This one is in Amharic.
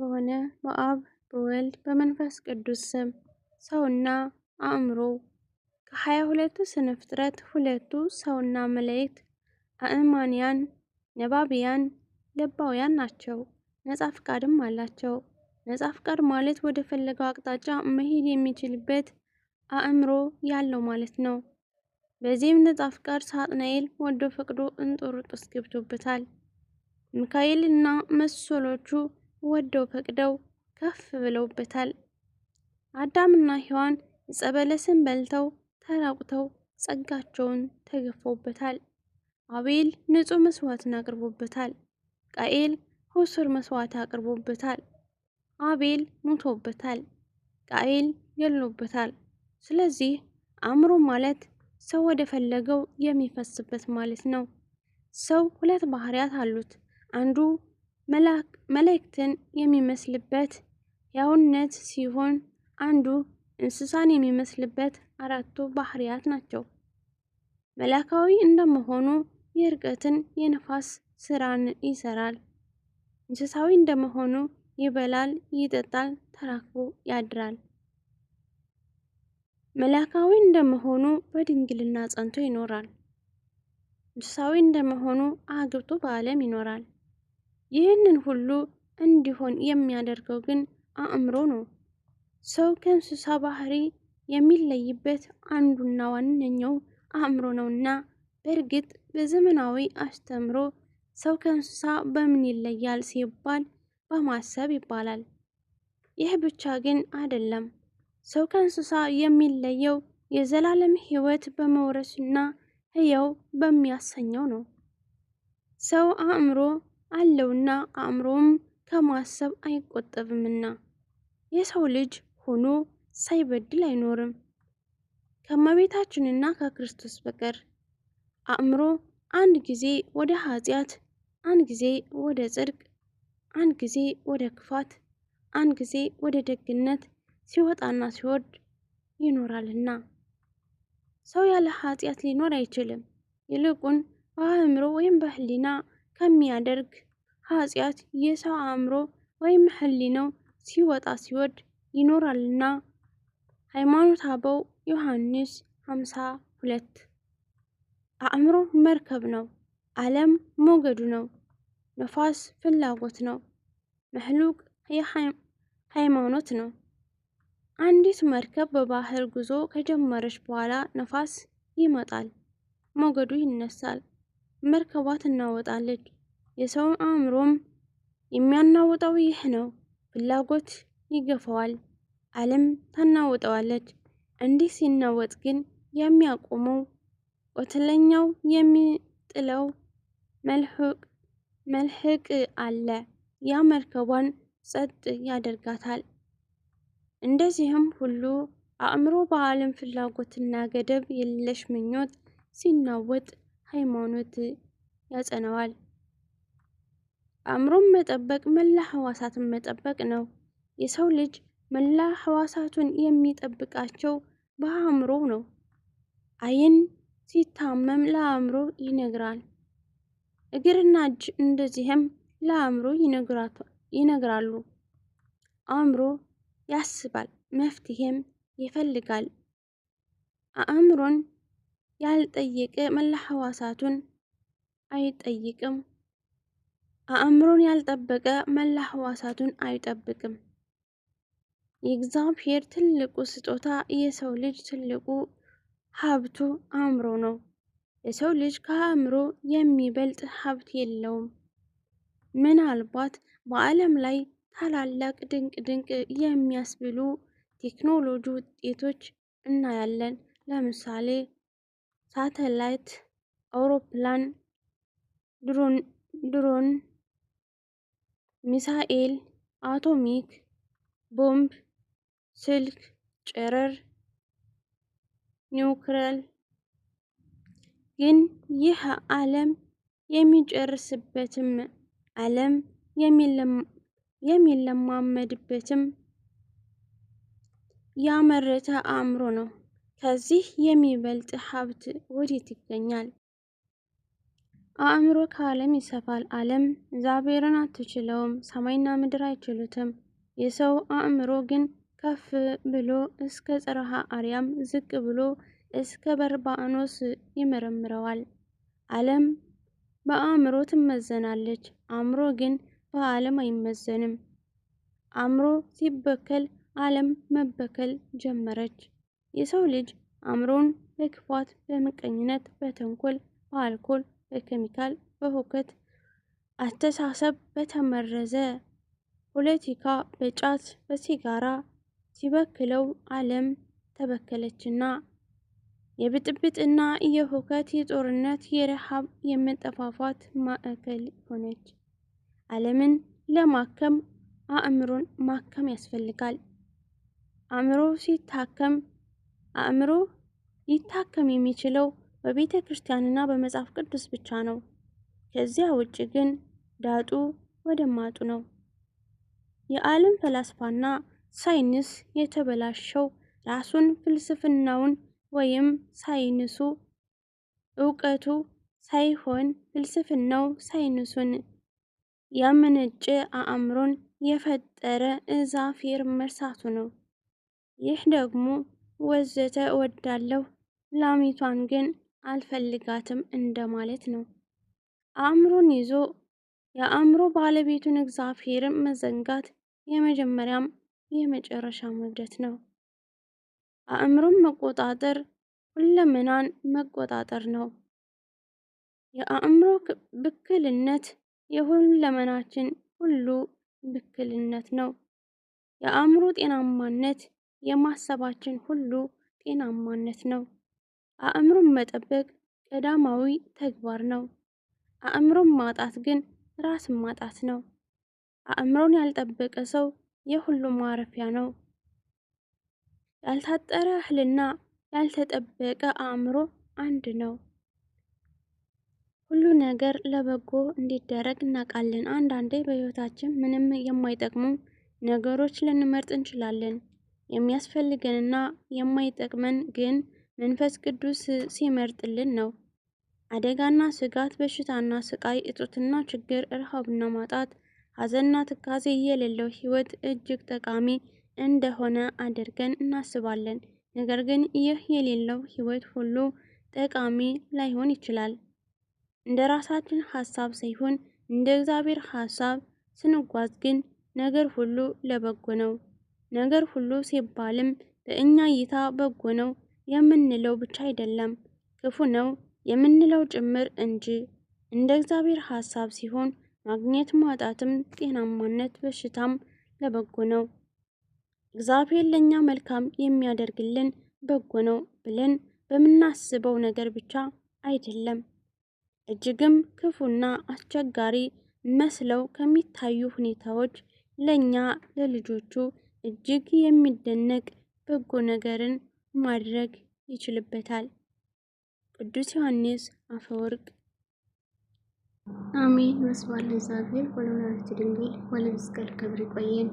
በሆነ በአብ በወልድ በመንፈስ ቅዱስ ስም ሰውና አእምሮ ከሀያ ሁለቱ ስነ ፍጥረት ሁለቱ ሰውና መላእክት አእማንያን፣ ነባቢያን፣ ለባውያን ናቸው። ነጻ ፍቃድም አላቸው። ነጻ ፍቃድ ማለት ወደ ፈለገው አቅጣጫ መሄድ የሚችልበት አእምሮ ያለው ማለት ነው። በዚህም ነጻ ፍቃድ ሳጥናኤል ወዶ ፈቅዶ እንጦርጦስ ገብቶበታል። ሚካኤል እና መሰሎቹ ወደው ፈቅደው ከፍ ብለውበታል። አዳምና ሔዋን ጸበለስን በልተው ተራቁተው ጸጋቸውን ተገፈውበታል። አቤል ንጹህ መስዋዕትን አቅርቦበታል። ቃኤል ሁሱር መስዋዕት አቅርቦበታል። አቤል ሙቶበታል። ቃኤል ገሎበታል። ስለዚህ አእምሮ ማለት ሰው ወደ ፈለገው የሚፈስበት ማለት ነው። ሰው ሁለት ባህሪያት አሉት። አንዱ መላእክትን የሚመስልበት ሕያውነት ሲሆን አንዱ እንስሳን የሚመስልበት አራቱ ባህሪያት ናቸው። መላካዊ እንደመሆኑ የርቀትን የነፋስ ስራን ይሰራል። እንስሳዊ እንደመሆኑ ይበላል፣ ይጠጣል፣ ተራክቦ ያድራል። መላካዊ እንደመሆኑ በድንግልና ጸንቶ ይኖራል። እንስሳዊ እንደመሆኑ አግብቶ በዓለም ይኖራል። ይህንን ሁሉ እንዲሆን የሚያደርገው ግን አእምሮ ነው። ሰው ከእንስሳ ባህሪ የሚለይበት አንዱና ዋነኛው አእምሮ ነውና በእርግጥ በዘመናዊ አስተምሮ ሰው ከእንስሳ በምን ይለያል ሲባል በማሰብ ይባላል። ይህ ብቻ ግን አይደለም። ሰው ከእንስሳ የሚለየው የዘላለም ሕይወት በመውረስና ሕያው በሚያሰኘው ነው። ሰው አእምሮ አለውና አእምሮም ከማሰብ አይቆጠብምና የሰው ልጅ ሆኖ ሳይበድል አይኖርም። ከመቤታችንና ከክርስቶስ በቀር አእምሮ አንድ ጊዜ ወደ ኃጢአት፣ አንድ ጊዜ ወደ ጽድቅ፣ አንድ ጊዜ ወደ ክፋት፣ አንድ ጊዜ ወደ ደግነት ሲወጣና ሲወርድ ይኖራልና ሰው ያለ ኃጢአት ሊኖር አይችልም። ይልቁን በአእምሮ ወይም በህሊና ከሚያደርግ ኃጢአት የሰው አእምሮ ወይም ሕሊናው ሲወጣ ሲወድ ይኖራልና ሃይማኖተ አበው ዮሐንስ 52 ሁለት አእምሮ መርከብ ነው። ዓለም ሞገዱ ነው። ነፋስ ፍላጎት ነው። መህሉቅ ሃይማኖት ነው። አንዲት መርከብ በባህር ጉዞ ከጀመረች በኋላ ነፋስ ይመጣል፣ ሞገዱ ይነሳል። መርከቧ ትናወጣለች። የሰው አእምሮም የሚያናውጠው ይህ ነው። ፍላጎት ይገፋዋል፣ ዓለም ታናውጠዋለች። እንዲህ ሲናወጥ ግን የሚያቆመው ቆትለኛው የሚጥለው መልህቅ አለ። ያ መርከቧን ጸጥ ያደርጋታል። እንደዚህም ሁሉ አእምሮ በዓለም ፍላጎትና ገደብ የለሽ ምኞት ሲናወጥ ሃይማኖት ያጸነዋል። አእምሮን መጠበቅ መላ ህዋሳትን መጠበቅ ነው። የሰው ልጅ መላ ህዋሳቱን የሚጠብቃቸው በአእምሮ ነው። አይን ሲታመም ለአእምሮ ይነግራል። እግርና እጅ እንደዚህም ለአእምሮ ይነግራሉ። አእምሮ ያስባል፣ መፍትሄም ይፈልጋል። አእምሮን ያልጠየቀ መላ ህዋሳቱን አይጠይቅም። አእምሮን ያልጠበቀ መላ ህዋሳቱን አይጠብቅም። የእግዚአብሔር ትልቁ ስጦታ የሰው ልጅ ትልቁ ሀብቱ አእምሮ ነው። የሰው ልጅ ከአእምሮ የሚበልጥ ሀብት የለውም። ምናልባት በዓለም ላይ ታላላቅ ድንቅ ድንቅ የሚያስብሉ ቴክኖሎጂ ውጤቶች እናያለን። ለምሳሌ ሳተላይት፣ አውሮፕላን፣ ድሮን፣ ሚሳኤል፣ አቶሚክ ቦምብ፣ ስልክ፣ ጨረር፣ ኒውክለር ግን ይህ ዓለም የሚጨርስበትም ዓለም የሚለማመድበትም ያመረተ አእምሮ ነው። ከዚህ የሚበልጥ ሀብት ወዴት ይገኛል? አእምሮ ከዓለም ይሰፋል። ዓለም እግዚአብሔርን አትችለውም፣ ሰማይና ምድር አይችሉትም። የሰው አእምሮ ግን ከፍ ብሎ እስከ ጽርሐ አርያም ዝቅ ብሎ እስከ በርባኖስ ይመረምረዋል። ዓለም በአእምሮ ትመዘናለች፣ አእምሮ ግን በዓለም አይመዘንም። አእምሮ ሲበከል ዓለም መበከል ጀመረች። የሰው ልጅ አእምሮን በክፋት፣ በምቀኝነት፣ በተንኮል፣ በአልኮል፣ በኬሚካል፣ በሁከት አስተሳሰብ፣ በተመረዘ ፖለቲካ፣ በጫት፣ በሲጋራ ሲበክለው ዓለም ተበከለችና የብጥብጥና የሁከት የጦርነት የረሃብ የመጠፋፋት ማዕከል ሆነች። ዓለምን ለማከም አእምሮን ማከም ያስፈልጋል። አእምሮ ሲታከም አእምሮ ሊታከም የሚችለው በቤተ ክርስቲያንና በመጽሐፍ ቅዱስ ብቻ ነው። ከዚያ ውጭ ግን ዳጡ ወደማጡ ነው። የዓለም ፈላስፋና ሳይንስ የተበላሸው ራሱን ፍልስፍናውን ወይም ሳይንሱ እውቀቱ ሳይሆን ፍልስፍናው ሳይንሱን ያመነጨ አእምሮን የፈጠረ እዛፌር መርሳቱ ነው። ይህ ደግሞ ወዘተ እወዳለሁ፣ ላሚቷን ግን አልፈልጋትም እንደማለት ነው። አእምሮን ይዞ የአእምሮ ባለቤቱን እግዚአብሔርን መዘንጋት የመጀመሪያም የመጨረሻ መብደት ነው። አእምሮን መቆጣጠር ሁለመናን መቆጣጠር ነው። የአእምሮ ብክልነት የሁለመናችን ሁሉ ብክልነት ነው። የአእምሮ ጤናማነት የማሰባችን ሁሉ ጤናማነት ነው። አእምሮን መጠበቅ ቀዳማዊ ተግባር ነው። አእምሮን ማጣት ግን ራስን ማጣት ነው። አእምሮን ያልጠበቀ ሰው የሁሉም ማረፊያ ነው። ያልታጠረ እህልና ያልተጠበቀ አእምሮ አንድ ነው። ሁሉ ነገር ለበጎ እንዲደረግ እናውቃለን። አንዳንዴ በሕይወታችን ምንም የማይጠቅሙ ነገሮች ልንመርጥ እንችላለን። የሚያስፈልገንና የማይጠቅመን ግን መንፈስ ቅዱስ ሲመርጥልን ነው። አደጋና ስጋት፣ በሽታና ስቃይ፣ እጦትና ችግር፣ እርሃብና ማጣት፣ ሐዘንና ትካዜ የሌለው ሕይወት እጅግ ጠቃሚ እንደሆነ አድርገን እናስባለን። ነገር ግን ይህ የሌለው ሕይወት ሁሉ ጠቃሚ ላይሆን ይችላል። እንደ ራሳችን ሐሳብ ሳይሆን እንደ እግዚአብሔር ሐሳብ ስንጓዝ ግን ነገር ሁሉ ለበጎ ነው። ነገር ሁሉ ሲባልም በእኛ እይታ በጎ ነው የምንለው ብቻ አይደለም፣ ክፉ ነው የምንለው ጭምር እንጂ እንደ እግዚአብሔር ሐሳብ ሲሆን ማግኘት ማጣትም፣ ጤናማነት በሽታም ለበጎ ነው። እግዚአብሔር ለእኛ መልካም የሚያደርግልን በጎ ነው ብለን በምናስበው ነገር ብቻ አይደለም። እጅግም ክፉና አስቸጋሪ መስለው ከሚታዩ ሁኔታዎች ለእኛ ለልጆቹ እጅግ የሚደነቅ በጎ ነገርን ማድረግ ይችልበታል። ቅዱስ ዮሐንስ አፈወርቅ። አሜን። መስባለ ለእግዚአብሔር ወለወላዲቱ ድንግል ወለመስቀሉ ክብር ይቆየን።